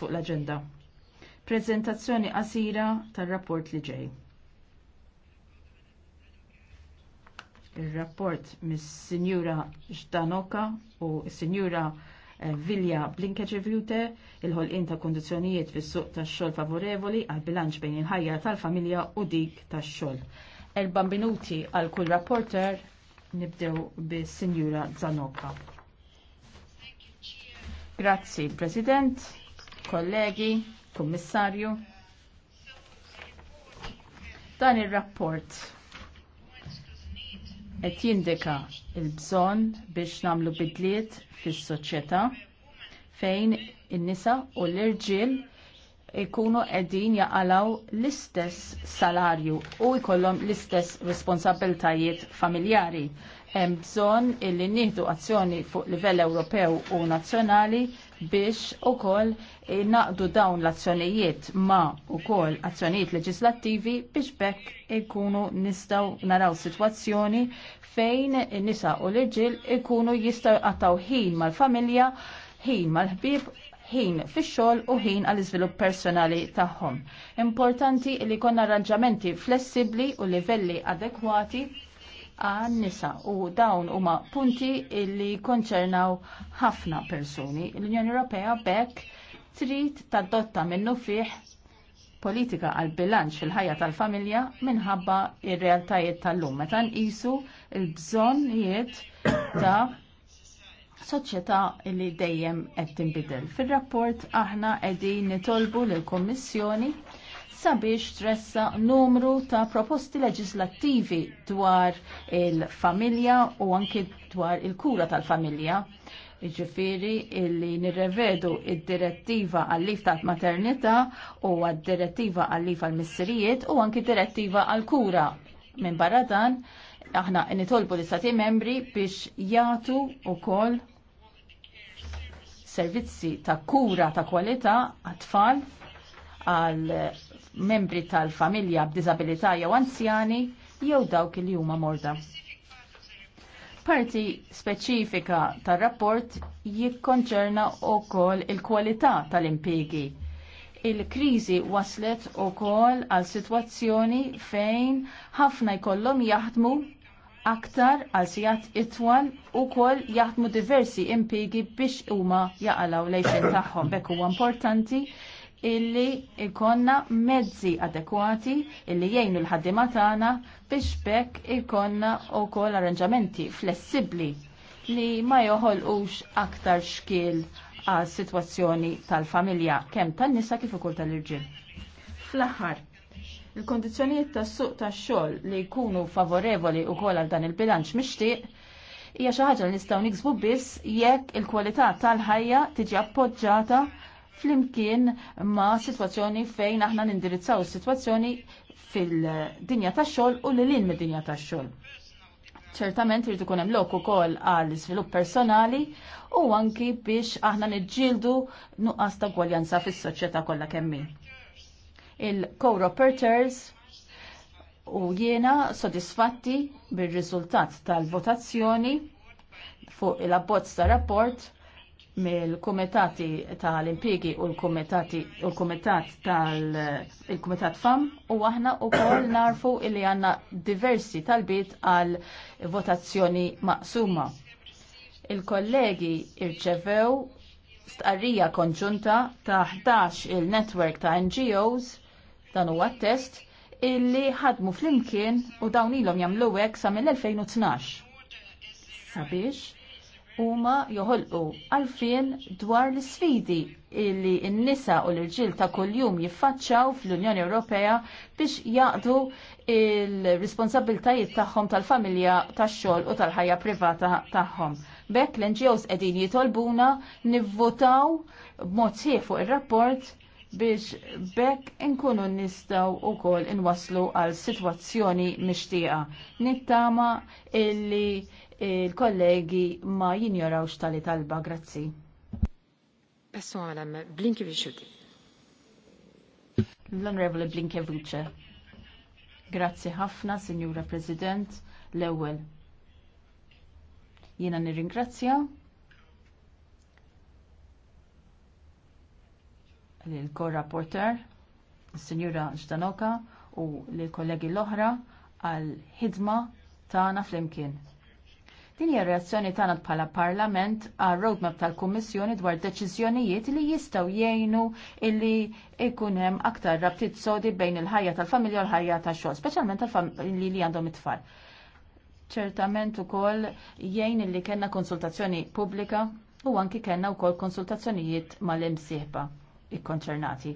fuq l-agenda. Prezentazzjoni qasira tar-rapport li ġej. Ir-rapport mis-Sinjura Ġdanoka u s-Sinjura eh, Vilja Blinkeġevjute il-ħolqin ta' kondizjonijiet fis suq tax xogħol favorevoli għal bilanċ bejn il-ħajja tal-familja u dik tax xogħol. Erba' minuti għal kull rapporter nibdew bis Sinjura Zanoka. Grazzi, President kollegi, kummissarju. Dan il-rapport qed jindika il-bżonn biex namlu bidliet fis-soċjetà fejn in-nisa u l-irġiel ikunu edin jaqalaw l-istess salarju u jkollhom l-istess responsabiltajiet familjari. Hemm bżonn illi nieħdu azzjoni fuq livell Ewropew u nazzjonali biex ukoll naqdu dawn l-azzjonijiet ma ukoll azzjonijiet leġislattivi biex bekk ikunu nistgħu naraw sitwazzjoni fejn in nisa u l irġiel ikunu jistgħu għataw ħin mal-familja, ħin mal-ħbib ħin fix-xogħol u ħin għall iżvilupp personali tagħhom. Importanti li jkollna arranġamenti flessibbli u livelli adekwati għan nisa u dawn huma punti li konċernaw ħafna persuni. L-Unjoni Ewropea bekk trid tadotta minnu fih politika għal bilanċ fil-ħajja tal-familja minħabba ir-realtajiet tal-lum. Meta nqisu l-bżonnijiet ta' soċjetà li dejjem qed tinbidel. Fir-rapport aħna qegħdin nitolbu lill kummissjoni sabiex tressa numru ta' proposti leġislattivi dwar il-familja u anki dwar il-kura tal-familja. Iġifiri illi nirrevedu id-direttiva għallif tal-maternita u għad-direttiva għallif għal-missirijiet u anki direttiva għal-kura. Minn barra dan, aħna nitolbu l-istati membri biex jatu u koll servizzi ta' kura ta' kwalità għat-tfal għal membri tal-familja b'diżabilità jew anzjani jew dawk li huma morda. Parti speċifika tar-rapport jikkonċerna wkoll il-kwalità tal-impjegi. Il-kriżi waslet ukoll għal sitwazzjoni fejn ħafna jkollhom jaħdmu aktar għal sijat itwan u kol jaħdmu diversi impigi biex huma jaqalaw lejxin tagħhom. Bekk huwa importanti illi ikonna mezzi adekwati illi jgħinu l-ħaddima tagħna biex bekk ikonna wkoll arranġamenti flessibbli li ma joħolqux aktar xkil għas-sitwazzjoni tal-familja kemm tan-nisa kif ukoll tal-irġiel. Fl-aħħar, Il-kondizjonijiet tas-suq tax-xogħol li jkunu favorevoli wkoll għal dan il-bilanċ mixtieq hija xi ħaġa li nistgħu niksbu biss jekk il-kwalità tal-ħajja tiġi appoġġjata flimkien ma' sitwazzjoni fejn aħna nindirizzaw is-sitwazzjoni fil-dinja tax-xogħol u lil mid-dinja tax-xogħol ċertament irid ikun hemm lok ukoll għal iżvilupp personali u anki biex aħna niġġieldu nuqqas ta' gwaljanza fis-soċjetà kollha kemm il co reporters u jiena sodisfatti bil-riżultat tal-votazzjoni fuq il-abbozz ta' rapport mill-kumitati tal-impjegi u l-kumitati u l-kumitat tal-kumitat fam u aħna u koll narfu illi għanna diversi talbiet għal votazzjoni maqsuma. Il-kollegi irċevew stqarrija konġunta ta' 11 il-network ta' NGOs Dan huwa test illi ħadmu flimkien u dawn ilhom jagħmlu hekk sa mill-2012. Sabiex huma joħolqu għalfien dwar l-sfidi illi n-nisa u l-irġil ta' kuljum jiffaċċaw fl-Unjoni Ewropea biex jaqdu il-responsabiltajiet tagħhom tal-familja, tax-xogħol u tal-ħajja privata tagħhom. Bekk l-NGOs qegħdin jitolbuna nivvotaw b'mod fuq ir-rapport biex bekk inkunu nistaw u kol inwaslu għal situazzjoni mixtieqa. Nittama illi il-kollegi ma jinjorawx tali talba, grazzi. Passu għalam, blinki biexuti. L-Onorevole Blinke Vuce. Grazzi ħafna, Signora President, l-ewel. Jina nirringrazzja l-korrapporter, s sinjura Ġdanoka u l-kollegi l-oħra għal-ħidma tagħna flimkien. Din hija reazzjoni tagħna bħala Parlament għal roadmap tal-Kummissjoni dwar deċiżjonijiet li jistgħu jgħinu illi ikun hemm aktar rabtiet sodi bejn il-ħajja tal-familja u l-ħajja tax-xogħol, speċjalment tal-familji li għandhom it-tfal. Ċertament ukoll jgħin illi kellna konsultazzjoni pubblika u anki kellna wkoll konsultazzjonijiet mal-imsieħba ikkonċernati.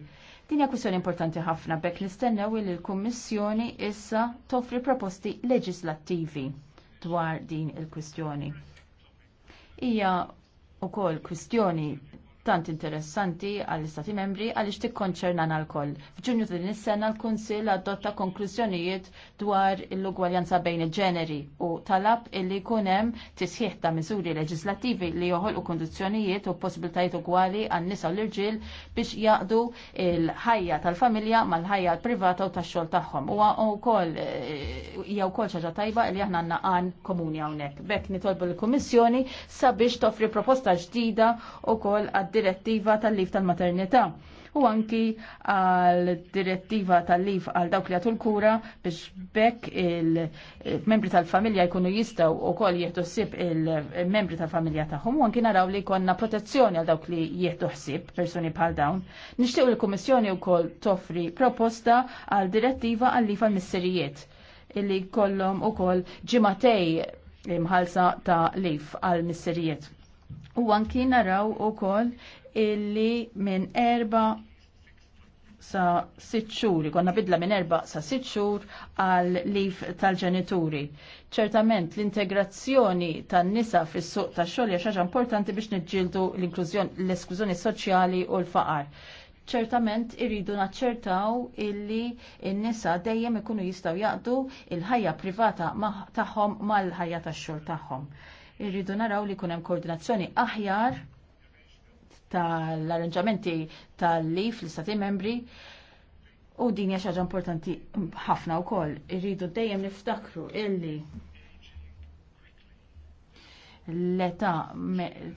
Din hija kwistjoni importanti ħafna bekk nistennew li l-Kummissjoni issa toffri proposti leġislattivi dwar din il-kwistjoni. Hija ukoll kwistjoni tant interessanti għall-Istati membri għaliex tikkonċernana l-koll. F'Ġunju din is-sena l-Kunsill adotta konklużjonijiet dwar l-ugwaljanza bejn il-ġeneri u talab illi jkun hemm tisħiħ ta' miżuri leġislattivi li joħolqu kondizzjonijiet u possibiltajiet ugwali għan-nisa u l-irġiel biex jaqdu l-ħajja tal-familja mal-ħajja privata u tax-xogħol tagħhom. Huwa wkoll hija wkoll ħaġa tajba li aħna għandna għan komuni hawnhekk. Bekk nitolbu l-Kummissjoni sabiex toffri proposta ġdida wkoll għad direttiva tal-lif tal-maternità u anki għal direttiva tal-lif għal dawk li għatul kura biex bekk il-membri tal-familja jkunu jistaw u koll jieħdu sib il-membri tal-familja tagħhom u anki naraw li konna protezzjoni għal dawk li jieħdu sib persuni bħal dawn. Nixtieq il-Kummissjoni wkoll toffri proposta għal direttiva għal lif għal misserijiet illi u ukoll ġimatej imħalsa ta' lif għal misserijiet. U anki naraw ukoll illi minn erba sa sitt konna bidla minn erba sa sitt xhur għal lif tal-ġenituri. Ċertament l-integrazzjoni tan-nisa fis-suq tax-xogħol hija xaġa importanti biex niġġieldu l-inklużjoni l-esklużjoni soċjali u l-faqar. Ċertament irridu naċċertaw illi n-nisa dejjem ikunu jistgħu jaqdu il-ħajja privata tagħhom mal-ħajja tax-xogħol tagħhom irridu naraw li kunem koordinazzjoni aħjar tal-arranġamenti tal-li fl-istati membri u din hija xaġa importanti ħafna wkoll. Irridu dejjem niftakru illi l-età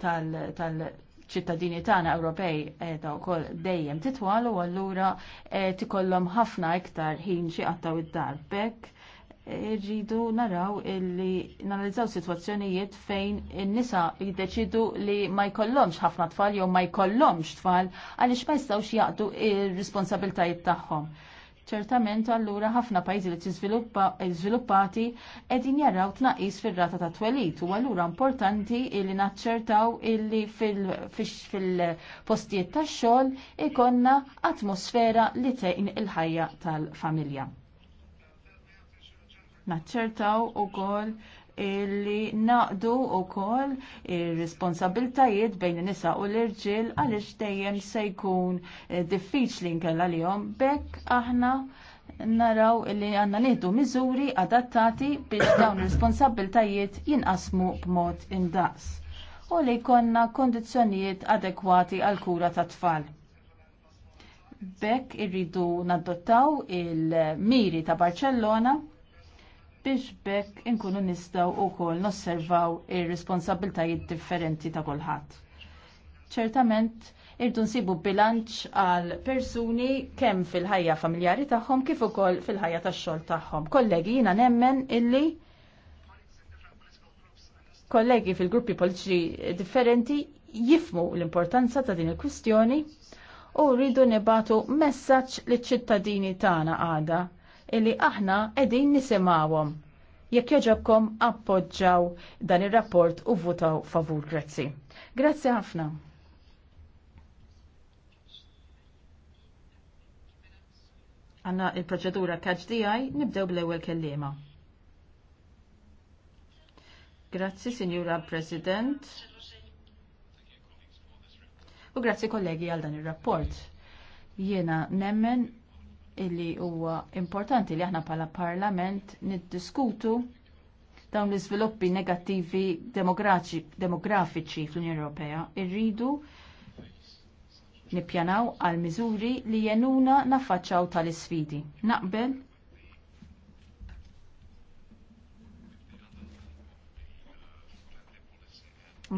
tal- ċittadini tagħna Ewropej qiegħda wkoll dejjem titwal u allura eh, tikollhom ħafna iktar ħin xi qattaw id darbek Irridu naraw illi nanalizzaw situazzjonijiet fejn in-nisa jiddeċidu li ma jkollhomx ħafna tfal jew ma jkollhomx tfal għaliex ma jistgħux jaqdu ir-responsabiltajiet tagħhom. Ċertament allura ħafna pajjiżi li żviluppati qegħdin jaraw tnaqqis fir-rata ta' twelid u allura importanti illi naċċertaw illi fil-postijiet tax-xogħol ikonna atmosfera li tgħin il-ħajja tal-familja naċċertaw ukoll illi naqdu u kol responsabiltajiet bejn nisa u l-irġil għalix dejjem se jkun eh, diffiċli nkella li jom bekk aħna naraw illi għanna nieħdu miżuri adattati biex dawn responsabiltajiet jinqasmu b'mod indaqs u li jkollna kondizzjonijiet adekwati għal kura ta' tfal. Bekk irridu nadottaw il-miri ta' Barcellona biex bekk inkunu nistaw u kol nosservaw ir-responsabiltajiet differenti ta' kolħat. ċertament, irdu nsibu bilanċ għal persuni kemm fil-ħajja familjari tagħhom kif ukoll fil-ħajja tax-xogħol tagħhom. Kollegi jiena nemmen illi kollegi fil-gruppi politiċi differenti jifmu l-importanza ta' din il-kwistjoni u rridu nibatu messaġġ li ċittadini tagħna għada illi aħna qegħdin nisimawom. Jekk joġobkom appoġġaw dan ir-rapport u votaw favur, grazzi. Grazzi ħafna. Għanna il-proċedura KHDI nibdew bl-ewwel kellima. Grazzi, Signora President. U grazzi kollegi għal dan il-rapport. Jiena nemmen illi huwa importanti li aħna bħala parlament niddiskutu dawn l-iżviluppi negattivi demografiċi fl-Unjoni Ewropea. Irridu nippjanaw għal miżuri li jenuna naffaċċaw tal-isfidi. Naqbel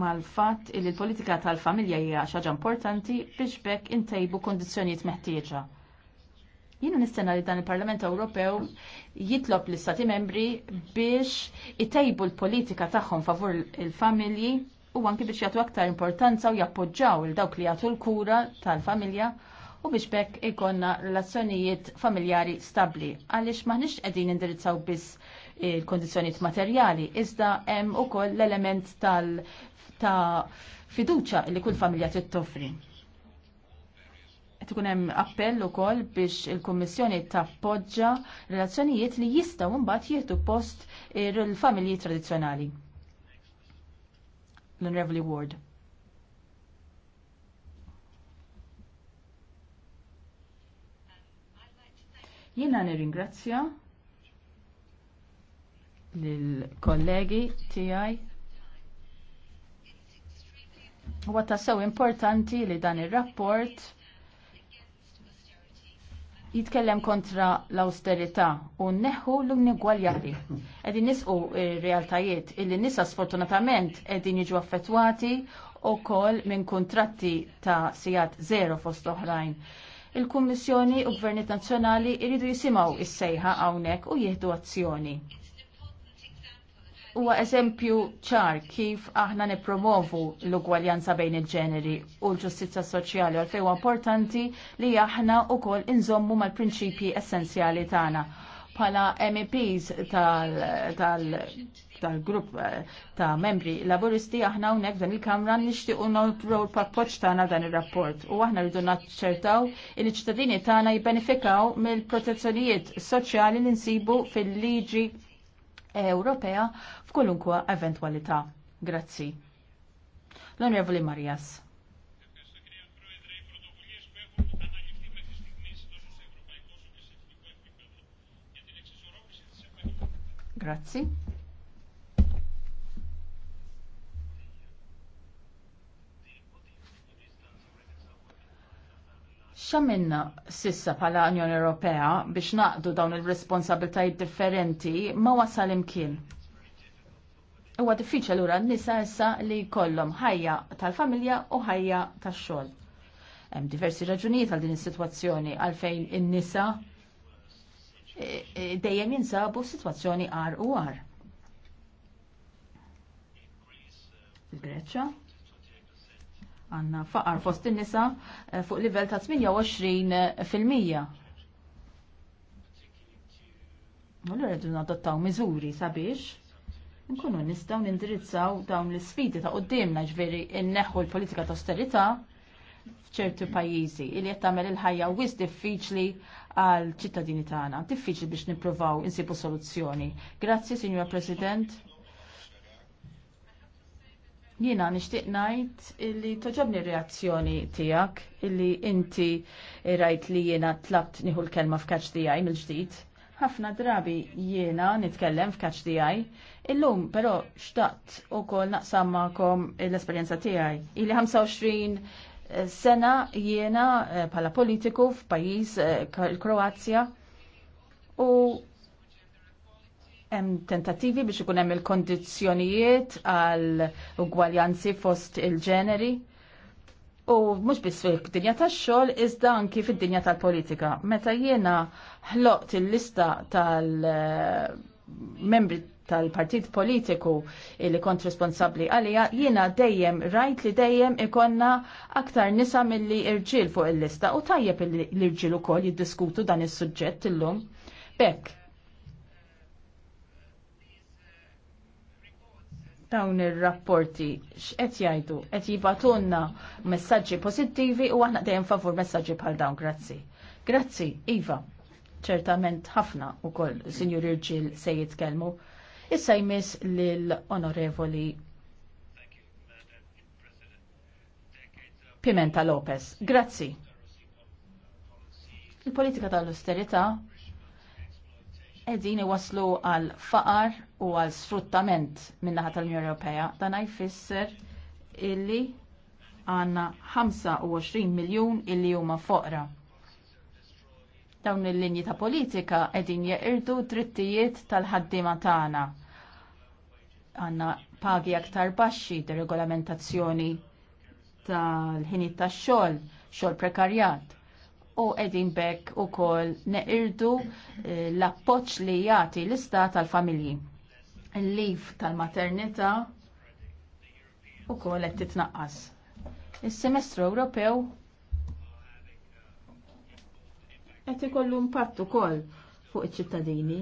mal-fatt li l-politika tal-familja hija xaġa importanti biex bekk intejbu kondizzjonijiet meħtieġa Jiena nistenna li dan il-Parlament Ewropew jitlob l istati membri biex itejbu l-politika tagħhom favur il-familji u anki biex jagħtu aktar importanza u jappoġġaw il dawk li jagħtu l-kura tal-familja u biex bekk ikonna relazzjonijiet familjari stabli. Għaliex maħniex qegħdin indirizzaw biss il-kondizjoniet materjali, iżda hemm ukoll l-element tal ta' fiduċa li kull familja titoffri tkun hemm appell ukoll biex il-Kummissjoni tappoġġa relazzjonijiet li jistgħu mbagħad jieħdu post il-familji tradizzjonali. L-Unrevoli Ward. Jiena nirringrazzja lill-kollegi tiegħi Huwa tassew importanti li dan ir-rapport jitkellem kontra l-austerità u neħu l-ungwaljari. Edin nisqu realtajiet illi nisa sfortunatament edin jiġu affettwati u kol minn kontratti ta' sijat zero fost oħrajn. Il-Kummissjoni u Gvernit Nazzjonali jridu jisimaw is-sejħa hawnhekk u jieħdu azzjoni huwa eżempju ċar kif aħna nipromovu l-ugwaljanza bejn il-ġeneri u l-ġustizza soċjali għalfej huwa importanti li aħna wkoll inżommu mal-prinċipji essenzjali tagħna. Pala MEPs tal-grupp eh, ta' membri laburisti aħna hawnhekk dan il-Kamra nixtiequ nolpru l-pakkoġġ tagħna dan ir-rapport u aħna rridu naċċertaw il ċittadini tagħna jibbenefikaw mill-protezzjonijiet soċjali li nsibu fil-liġi Ewropea f'kulunkwa eventualità. Grazzi. L-Onorevoli Marias. Grazie. X'għamilna sissa bħala Unjoni Ewropea biex naqdu dawn il-responsabiltajiet differenti ma wasal imkien. Huwa diffiċli ura n-nisa issa li jkollhom ħajja tal-familja u ħajja tax-xogħol. Hemm diversi raġunijiet għal din is-sitwazzjoni għalfejn in-nisa e, e, dejjem jinsabu situazzjoni għar u għar. Greċa għanna faqar fost in-nisa eh, fuq livell ta' 28%. fil-mija. l rridu nadottaw miżuri sabiex nkunu nistaw nindirizzaw dawn l-sfidi ta' qoddimna ġveri inneħu l-politika ta' austerita f'ċertu pajjiżi li qed tagħmel il-ħajja wis diffiċli għal ċittadini tagħna. Diffiċli biex nippruvaw insibu soluzzjoni. Grazzi, Signor President. Jiena nixtieq ngħid illi toġobni reazzjoni tiegħek illi inti rajt li jiena tlabt nieħu l-kelma f'kaċ tijaj mill-ġdid. Ħafna drabi jiena nitkellem f'kaċ tijaj Illum però xtaqt ukoll naqsam magħkom l-esperjenza tiegħi. Illi 25 eh, sena jiena eh, bħala politiku f'pajjiż il-Kroazja eh, u Hemm tentattivi biex ikun hemm il-kondizzjonijiet għal ugwaljanzi fost il-ġeneri. U mhux biss fid-dinja tax-xogħol iżda anki fid-dinja tal-politika. Meta jiena ħloqt il-lista tal-membri eh, tal-partit politiku li kont responsabli għalija, jiena dejjem rajt li dejjem ikonna aktar nisa mill-li irġil fuq il-lista u tajjeb l-irġil u koll jiddiskutu dan is suġġett illum. Bekk, dawn ir-rapporti x'qed jgħidu qed jibatunna messaġġi pożittivi u aħna dejjem favur messaġġi bħal dawn, grazzi. Grazzi, Iva. Ċertament ħafna ukoll Sinjur Irġil se jitkellmu. Issa jmiss lill-Onorevoli Pimenta Lopez. Grazzi. Il-politika tal-austerità edin waslu għal faqar u għal sfruttament minnaħat tal-Unjoni Ewropea, dan jfisser illi għanna 25 miljon illi huma foqra. Dawn il-linji ta' politika edin jeqirdu drittijiet tal-ħaddima tagħna. Għanna pagi aktar baxxi deregolamentazzjoni tal-ħinit tax-xogħol, xogħol prekarjat u edin bekk u kol neqirdu eh, l-appoċ li jati l-istat tal-familji. Il-lif tal-maternita u kol qed titnaqqas. Is-semestru Ewropew qed ikollu impatt ukoll fuq iċ-ċittadini.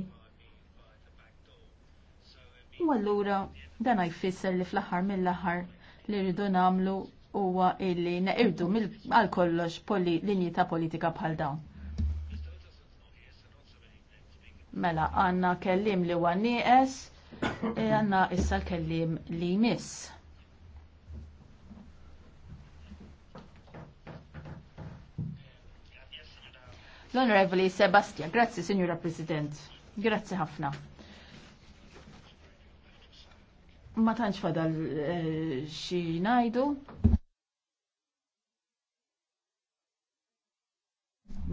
U allura dan għajfisser li fl-aħħar mill-aħħar li rridu nagħmlu huwa illi neqirdu għal kollox poli linji ta' politika bħal dawn. Mela, għanna kellim li huwa nieqes, e għanna issa l-kellim li miss. L-Onorevoli Sebastian, grazzi Signora President, grazzi ħafna. Ma tantx fadal eh, xi ngħidu.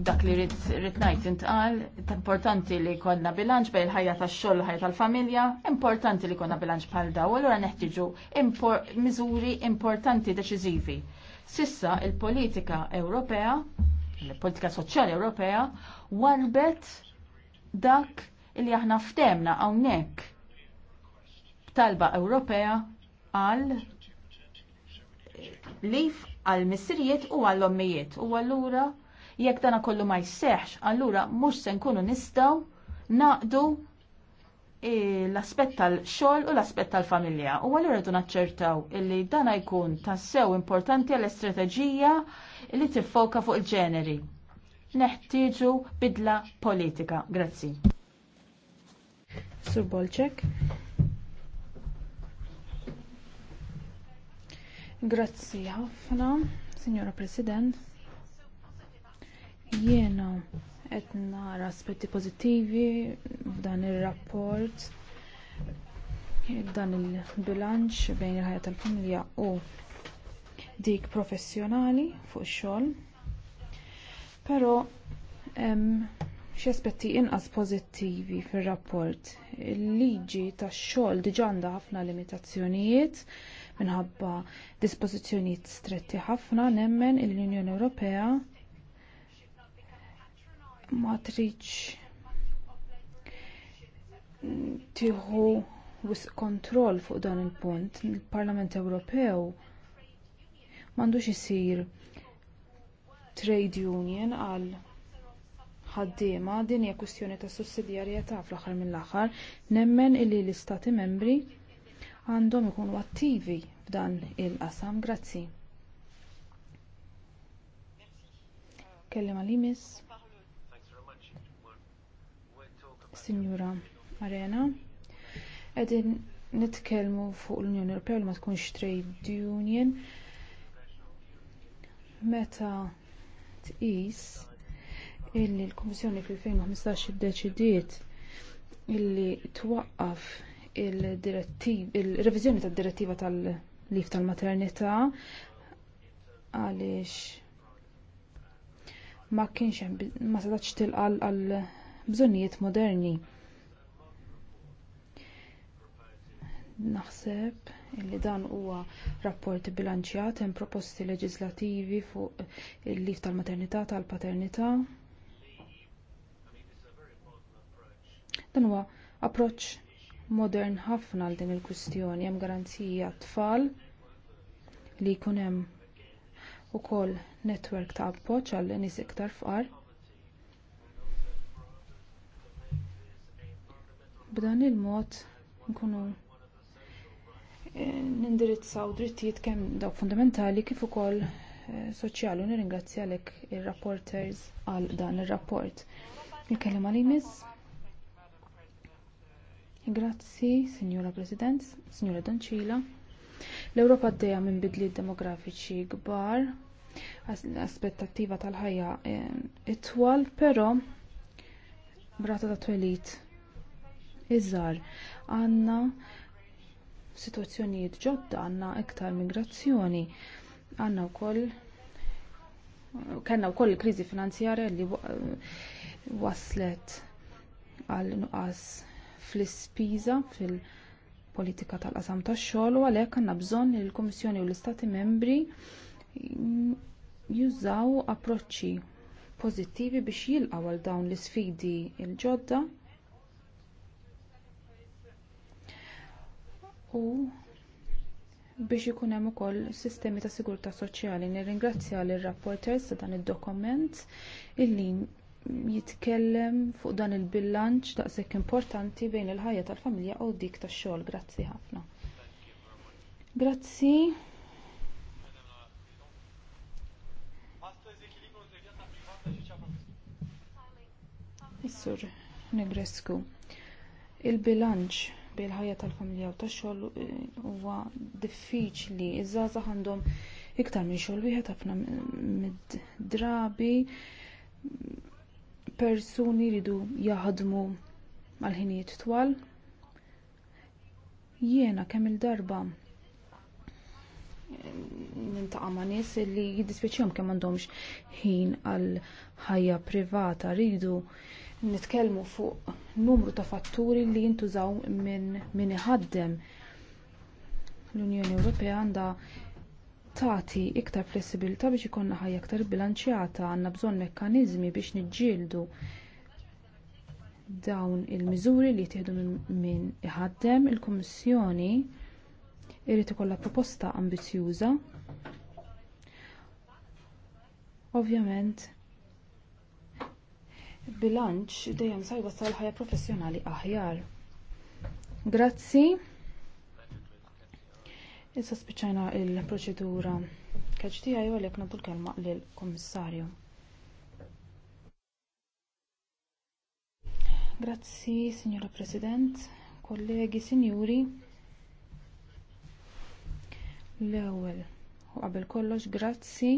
dak li rrit ngħid intqal, importanti li jkollna bilanċ bejn il-ħajja tax-xogħol u ħajja tal-familja, importanti li konna bilanċ bħal daw, allura neħtieġu miżuri importanti deċiżivi. Sissa il-politika Ewropea, il-politika soċjali Ewropea, warbet dak li aħna ftemna hawnhekk talba Ewropea għal lif għal missirijiet u għall ommijiet u għallura Jekk dana kollu ma jisseħx, allura mhux se nkunu nistgħu naqdu eh, l-aspett tal-xogħol u l-aspett tal-familja. U għallura rridu naċċertaw illi dana jkun tassew importanti għall istrateġija li tiffoka fuq il-ġeneri. Neħtieġu bidla politika. Grazzi. Sur Bolċek. Grazzi ħafna, Signora President. Jiena qed nara aspetti pożittivi f'dan ir-rapport dan il-bilanċ bejn il-ħajja tal-familja u dik professjonali fuq ix-xogħol. Però hemm xi aspetti inqas pożittivi fir-rapport. Il-liġi tax-xogħol diġà għandha ħafna limitazzjonijiet minħabba dispożizzjonijiet stretti ħafna nemmen il-Unjoni Ewropea matriċ tiħu wisq kontroll fuq dan il-punt. Il-Parlament Ewropew m'għandux isir trade union għal ħaddiema din hija kwistjoni ta' sussidjarjetà fl-aħħar mill-aħħar nemmen illi l-istati membri għandhom ikunu attivi f'dan il-qasam. Grazzi. Kellem li miss? Signora Arena, edin nitkelmu fuq l-Unjoni Ewropea li ma tkunx trade union meta tqis illi l-Kummissjoni fil-2015 iddeċidiet illi twaqqaf il-reviżjoni tad direttiva tal-lif tal-maternità għaliex ma kienx ma setax tilqal għal bżonnijiet moderni. Naħseb li dan huwa rapport bilanċjat hemm proposti leġislattivi fuq il-lif tal-maternità tal-paternità. Dan huwa approċċ modern ħafna għal din il-kwistjoni hemm garanzija tfal li jkun hemm ukoll netwerk ta' appoġġ għal nies iktar fqar B'dan il-mod nkunu eh, nindirizzaw drittijiet kemm dawk fundamentali kif ukoll eh, soċjali u nirringrazzja għalhekk ir-rapporters għal dan ir-rapport. Il-kelma li miss. Grazzi, Signora President, Signora Dancila. L-Ewropa għaddejja minn bidliet demografiċi kbar, aspettattiva tal-ħajja eh, itwal, però brata ta' twelit iżgħar. Għandna sitwazzjonijiet ġodda, għandna iktar migrazzjoni, għandna koll, kena wkoll il-kriżi finanzjarja li waslet għal nuqqas fl-ispiża fil politika tal-qasam tax-xogħol u għalhekk għandna bżonn li l-Kummissjoni u l-Istati Membri jużaw approċċi pożittivi biex jilqgħu għal dawn l-isfidi l-ġodda u biex ikun hemm ukoll sistemi ta' sigurtà soċjali. Nirringrazzja lir rapporters ta' dan id-dokument illi jitkellem fuq dan il-bilanċ daqshekk importanti bejn il-ħajja tal-familja u dik tax-xogħol. Grazzi ħafna. Grazzi. Is-sur Il-bilanċ bil ħajja tal-familja u tax-xogħol eh, huwa diffiċli. Iż-żgħażagħ għandhom iktar minn xogħol wieħed ħafna mid-drabi persuni jridu jaħdmu mal ħinijiet twal. Jiena kemm il-darba ta' ma' li jiddispieċjom kemm m'għandhomx ħin għal ħajja privata rridu nitkellmu fuq numru ta' fatturi li jintużaw minn min iħaddem. L-Unjoni Ewropea għandha tagħti iktar flessibilità biex ikollna ħajja iktar bilanċjata għandna bżonn mekkaniżmi biex niġġieldu dawn il-miżuri li jittieħdu minn iħaddem il-Kummissjoni irid ikollha proposta ambizjuża Ovvjament, bilanċ dejjem sa jwassal ħajja professjonali aħjar. Grazzi. Issa spiċċajna l proċedura Kaċ tiegħi u għalhekk nagħtu l-kelma lill kommissarju Grazzi, Signora President, kollegi, Sinjuri. L-ewwel u qabel kollox grazzi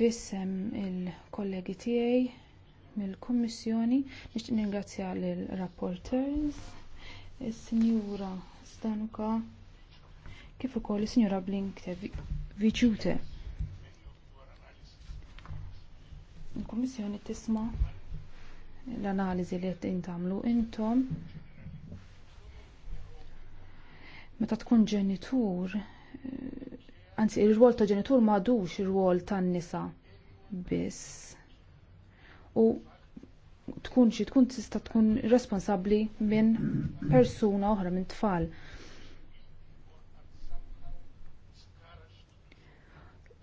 Tfissem il-kollegi tiegħi mill-Kummissjoni nixtieq ningrazzja lill rapporteurs is-Sinjura Stanuka kif ukoll is-Sinjura Blinkte Viċute. Il-Kummissjoni tisma' l-analiżi li qed intamlu intom meta tkun ġenitur eh, Anzi, ir-rwol ta' ġenitur m'għadux ir-rwol tan-nisa biss. U tkun xi tkun tista' tkun responsabbli minn persuna oħra minn tfal.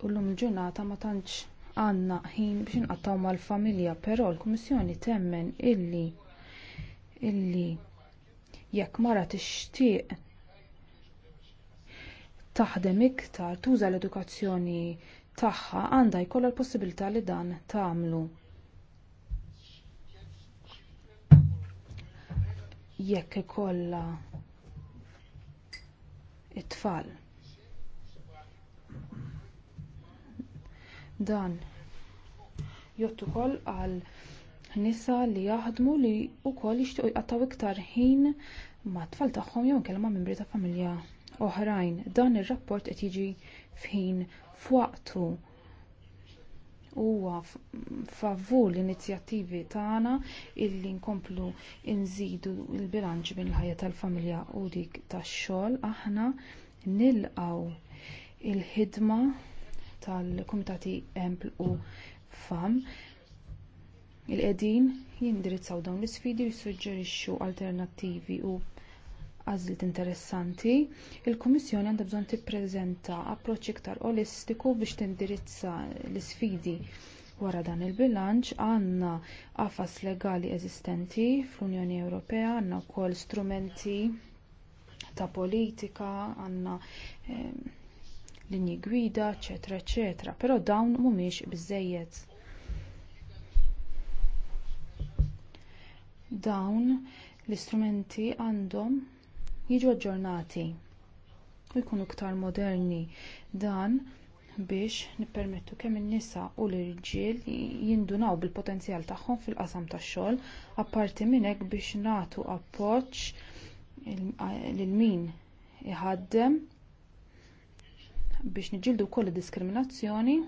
U l ġurnata ma tantx għandna ħin biex inqattaw mal-familja, però l-Kummissjoni temmen illi illi jekk mara tixtieq taħdem iktar, tuża l-edukazzjoni tagħha għandha jkollha l-possibilità li dan tagħmlu. Jekk ikollha it-tfal. Dan jott ukoll għal nisa li jaħdmu li wkoll jixtiequ jqattaw iktar ħin mat-tfal tagħhom jew kelma membri ta' familja oħrajn. Dan ir-rapport qed jiġi f'ħin f'waqtu huwa favur l-inizjattivi tagħna illi nkomplu nżidu l-bilanċ bejn il-ħajja tal-familja u dik tax-xogħol aħna nilqgħu il-ħidma tal-Kumitati Empl u Fam il-qegħdin jindirizzaw dawn l-isfidi u jissuġġerixxu alternattivi u għażliet interessanti, il-Kummissjoni għandha bżonn tippreżenta approċċ iktar olistiku biex tindirizza l-isfidi wara dan il-bilanċ għandna qafas legali eżistenti fl-Unjoni Ewropea, għandna wkoll strumenti ta' politika, għandna ehm, linji gwida, eċetera, eċetera, però dawn mhumiex biżejjed. dawn l-istrumenti għandhom jiġu aġġornati u jkunu ktar moderni dan biex nippermettu kemm in-nisa u l-irġiel jindunaw bil-potenzjal tagħhom fil-qasam tax-xogħol apparti minn hekk biex nagħtu appoġġ lil min iħaddem biex niġġieldu wkoll id diskriminazzjoni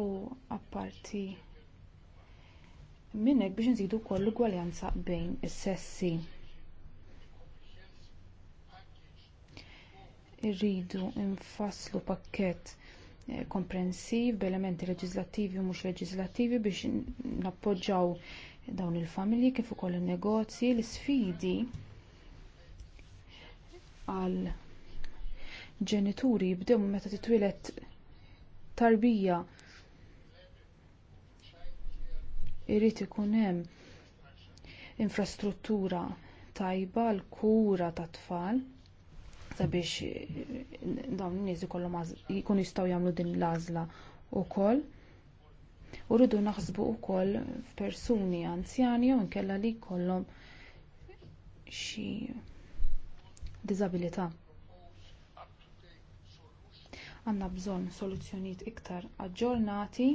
u apparti minn hekk biex nżidu wkoll l-ugwaljanza bejn is-sessi. Irridu nfasslu pakkett eh, komprensiv b'elementi leġislattivi u mhux leġislattivi biex nappoġġaw dawn il-familji kif ukoll in-negozji l-isfidi għal ġenituri jibdew meta titwilet tarbija Irid ikun hemm infrastruttura tajba l-kura tat tfal sabiex eh, dawn in-nies ikollhom jkunu jistgħu jagħmlu din l-għażla wkoll. U rridu naħsbu wkoll f'persuni anzjani jew inkella li jkollhom xi diżabilità. Għandna bżonn soluzzjonijiet iktar aġġornati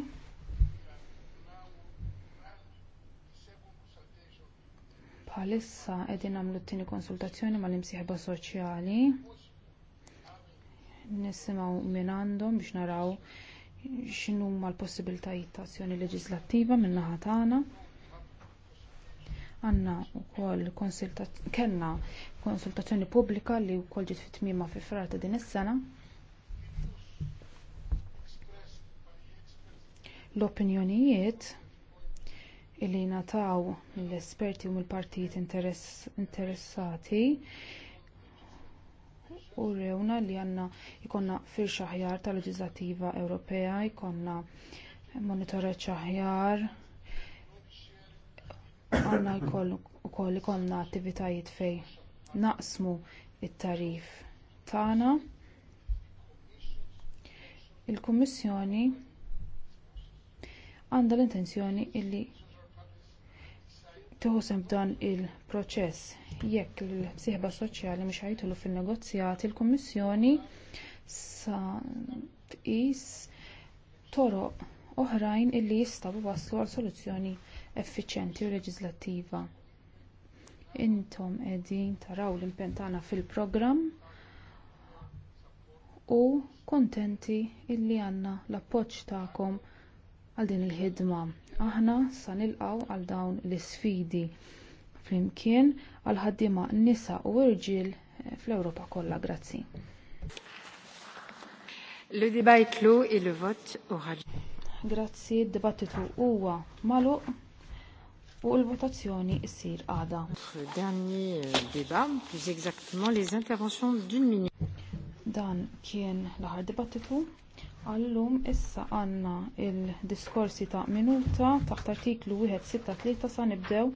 bħalissa qegħdin nagħmlu t-tieni konsultazzjoni mal-imsieħba soċjali. Nisimgħu minn għandhom biex naraw x'inhuma l-possibiltajiet ta' azzjoni leġislattiva minn naħa tagħna. Għandna wkoll kellna konsultazzjoni pubblika li wkoll ġiet fit-tmiema fi frar ta' din is-sena. L-opinjonijiet illi nataw l-esperti u mill-partijiet interessati u rewna li għandna jkollna firxa ħjar tal-leġislativa Ewropea, jkollna monitoraċ aħjar, għandna jkoll ikollna attivitajiet fejn naqsmu t tarif tagħna. Il-Kummissjoni għandha l-intenzjoni illi tuħusem dan il-proċess jekk il-sieħba soċjali mhux ħajtulu fin-negozjati il-Kummissjoni sa tqis toroq oħrajn illi jistgħu waslu għal soluzzjoni effiċjenti u leġislattiva. Intom qegħdin taraw l-impenn tagħna fil-programm u kuntenti illi għandna l-appoġġ tagħkom għal din il-ħidma. Aħna sa nilqgħu għal dawn l-isfidi flimkien għal ħaddiema nisa u irġiel eh, fl-Ewropa kollha. Grazzi. Le débat est clos et le vote aura lieu. Grazzi, d-dibattitu huwa magħluq u l-votazzjoni ssir għada. Dernier euh, débat, plus exactement les interventions d'une minute. Dan kien l-aħħar dibattitu Allum issa għandna l diskorsi ta' minuta taħt artiklu 163 sa' nibdew.